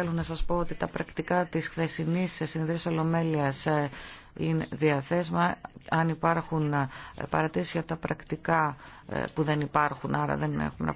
θέλω να σας πω ότι τα πρακτικά της χθεσινής συνδρής Ολομέλειας ε, είναι διαθέσιμα. Αν υπάρχουν ε, παρατήσεις για τα πρακτικά ε, που δεν υπάρχουν, άρα δεν έχουμε να